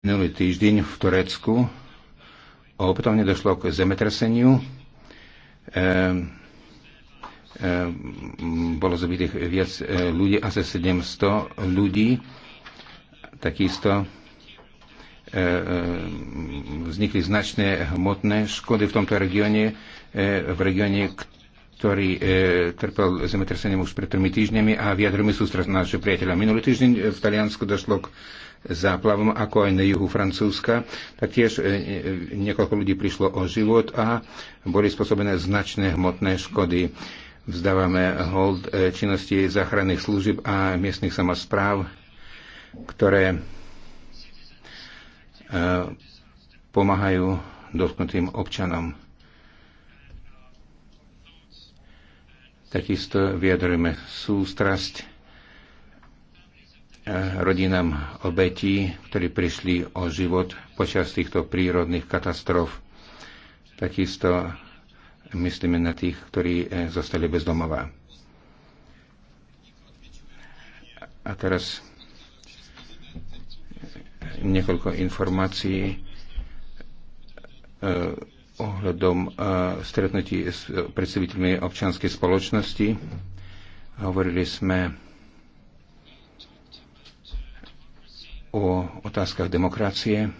Minulý týždeň v Turecku opätovne došlo k zemetraseniu. E, e, bolo zabitých viac e, ľudí, asi 700 ľudí. Takisto e, e, vznikli značné hmotné škody v tomto regióne, e, v regióne, ktorý e, trpel zemetrasením už pred tromi týždňami a sú sústrasť nášho priateľa. Minulý týždeň v Taliansku došlo k záplavom, ako aj na juhu Francúzska. Taktiež e, e, niekoľko ľudí prišlo o život a boli spôsobené značné hmotné škody. Vzdávame hold e, činnosti záchranných služieb a miestnych samozpráv, ktoré pomáhajú dotknutým občanom. Takisto vyjadrujeme sústrasť Eh, rodinám obetí, ktorí prišli o život počas týchto prírodných katastrof. Takisto myslíme na tých, ktorí eh, zostali bez domova. A teraz eh, niekoľko informácií ohľadom stretnutí s predstaviteľmi občianskej spoločnosti. Hovorili sme o otázkach demokracie,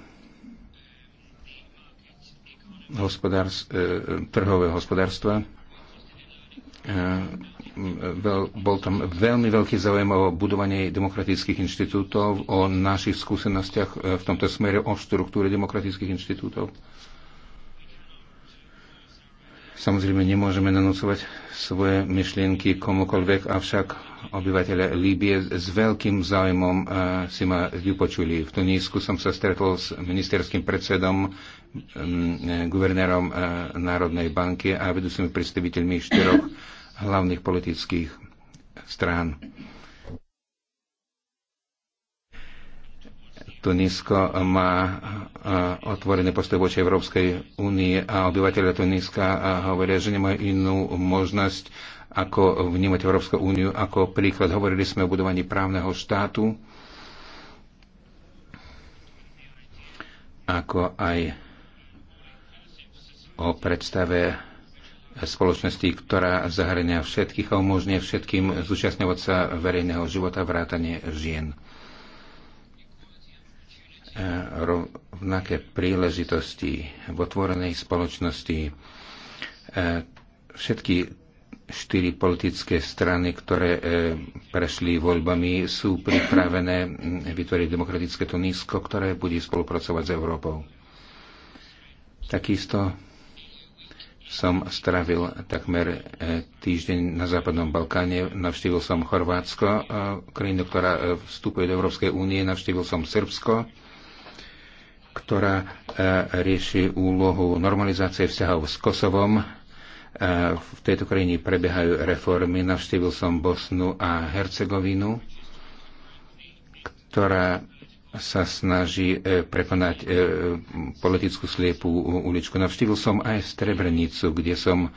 hospodárs- e, trhového hospodárstva. E, bol tam veľmi veľký záujem o budovanie demokratických inštitútov, o našich skúsenostiach e, v tomto smere, o štruktúre demokratických inštitútov. Samozrejme, nemôžeme nanúcovať svoje myšlienky komukoľvek, avšak obyvateľe Líbie s veľkým záujmom eh, si ma vypočuli. V Tunísku som sa stretol s ministerským predsedom, mm, eh, guvernérom eh, Národnej banky a vedúcimi predstaviteľmi štyroch hlavných politických strán. Tunisko má otvorený postoj voči Európskej únie a obyvateľia Tuniska hovoria, že nemajú inú možnosť, ako vnímať Európsku úniu. Ako príklad hovorili sme o budovaní právneho štátu, ako aj o predstave spoločnosti, ktorá zahrania všetkých a umožňuje všetkým zúčastňovať sa verejného života vrátane žien rovnaké príležitosti v otvorenej spoločnosti. E, všetky štyri politické strany, ktoré e, prešli voľbami, sú pripravené vytvoriť demokratické tunisko, ktoré bude spolupracovať s Európou. Takisto som stravil takmer e, týždeň na Západnom Balkáne, navštívil som Chorvátsko, krajinu, ktorá vstupuje do Európskej únie, navštívil som Srbsko, ktorá e, rieši úlohu normalizácie vzťahov s Kosovom. E, v tejto krajine prebiehajú reformy. Navštívil som Bosnu a Hercegovinu, ktorá sa snaží e, prekonať politickú sliepú uličku. Navštívil som aj Strebrenicu, kde som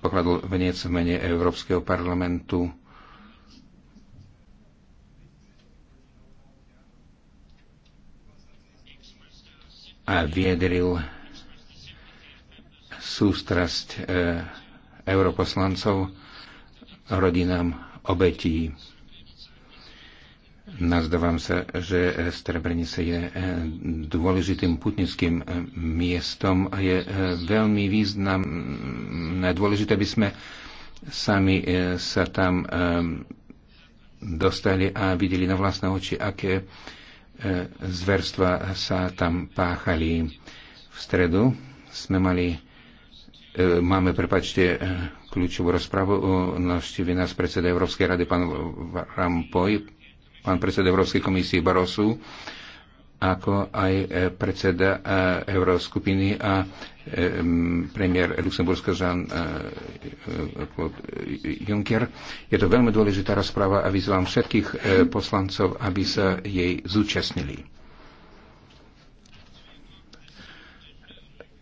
pokladol veniec v mene Európskeho parlamentu a viedril sústrasť e, europoslancov rodinám obetí. Nazdávam sa, že Strebrenica je e, dôležitým putnickým e, miestom a je veľmi významné, dôležité, aby sme sami sa tam dostali a videli na vlastné oči, aké E, zverstva sa tam páchali. V stredu sme mali, e, máme, prepačte, e, kľúčovú rozpravu o navštívi nás predseda Európskej rady, pán Rampoj, pán predseda Európskej komisie Barosu ako aj e, predseda e, Euróskupiny a e, premiér Luxemburska Jean Juncker. Je to veľmi dôležitá rozpráva a vyzvám všetkých poslancov, aby sa jej zúčastnili.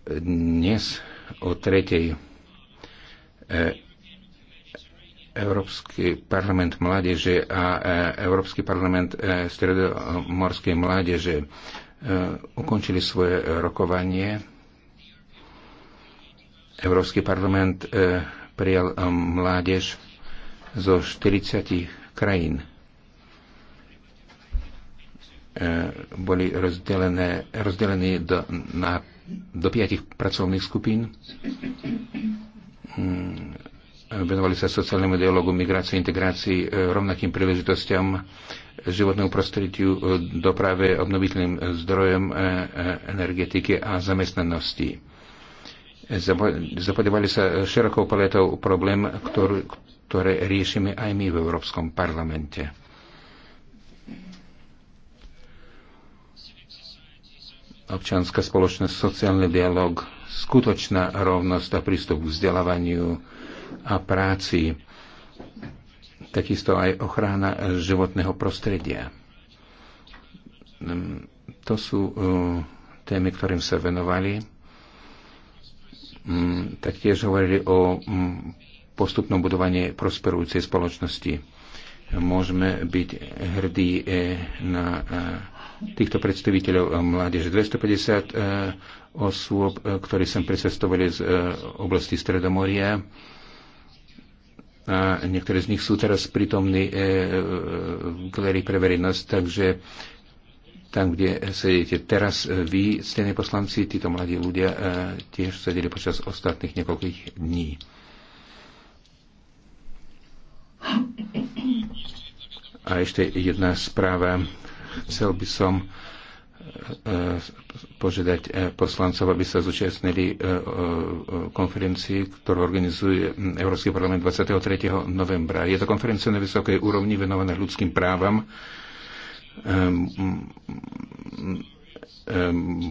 Dnes o tretej Európsky parlament mládeže a e, Európsky parlament e, stredomorskej mládeže e, ukončili svoje rokovanie. Európsky parlament prijal mládež zo 40 krajín. Boli rozdelené, rozdelené do, na, do 5 pracovných skupín mm, venovali sa sociálnemu dialogu, migrácii, integrácii, e, rovnakým príležitostiam, životnému prostrediu, e, doprave, obnoviteľným zdrojom e, energetiky a zamestnanosti. Zapodívali sa širokou paletou problém, ktorý, ktoré riešime aj my v Európskom parlamente. Občianská spoločnosť, sociálny dialog, skutočná rovnosť a prístup k vzdelávaniu a práci, takisto aj ochrana životného prostredia. To sú uh, témy, ktorým sa venovali. Mm, taktiež hovorili o mm, postupnom budovaní prosperujúcej spoločnosti. Môžeme byť hrdí eh, na eh, týchto predstaviteľov eh, mládeže. 250 eh, osôb, eh, ktorí sem precestovali z oblasti Stredomoria. A niektoré z nich sú teraz prítomní v galerii pre verejnosť, takže tam, kde sedíte teraz vy, stejné poslanci, títo mladí ľudia tiež sedeli počas ostatných niekoľkých dní. A ešte jedna správa. Chcel by som e, e, požiadať e, poslancov, aby sa zúčastnili konferencii, ktorú organizuje Európsky parlament 23. novembra. Je to konferencia na vysokej úrovni venovaná ľudským právam. Ehm,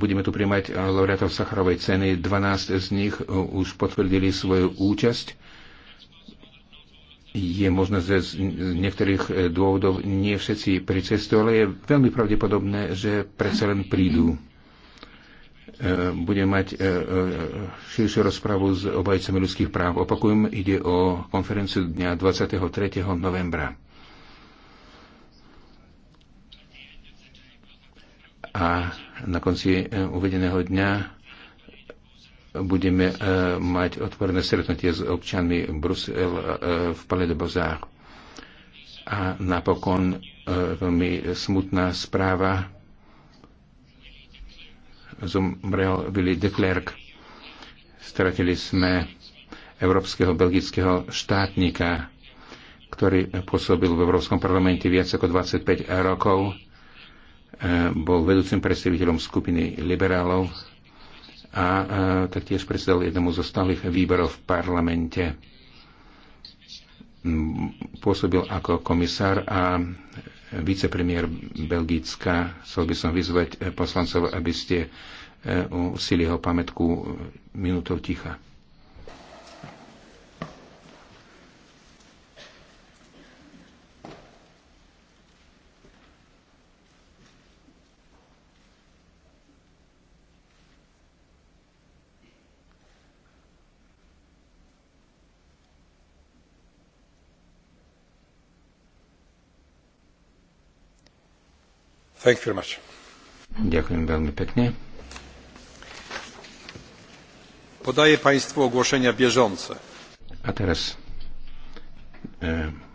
budeme tu príjmať laureátov Sacharovej ceny. 12 z nich už potvrdili svoju účasť je možné, že z niektorých e, dôvodov nie všetci pri cestu, ale je veľmi pravdepodobné, že predsa len prídu. E, Budem mať e, širšiu rozpravu s obajcami ľudských práv. Opakujem, ide o konferenciu dňa 23. novembra. A na konci uvedeného dňa budeme e, mať otvorené stretnutie s občanmi Brusel e, v Palais de Bozár. A napokon e, veľmi smutná správa zomrel Willy de Klerk. Stratili sme európskeho belgického štátnika, ktorý pôsobil v Európskom parlamente viac ako 25 rokov, bol vedúcim predstaviteľom skupiny liberálov a taktiež predsedal jednomu zo stálych výborov v parlamente. Pôsobil ako komisár a vicepremiér Belgická. Chcel by som vyzvať poslancov, aby ste e, jeho pamätku minútou ticha. Thank you very much. Ďakujem veľmi pekne. Podaje Państwu ogłoszenia bieżące. A teraz e,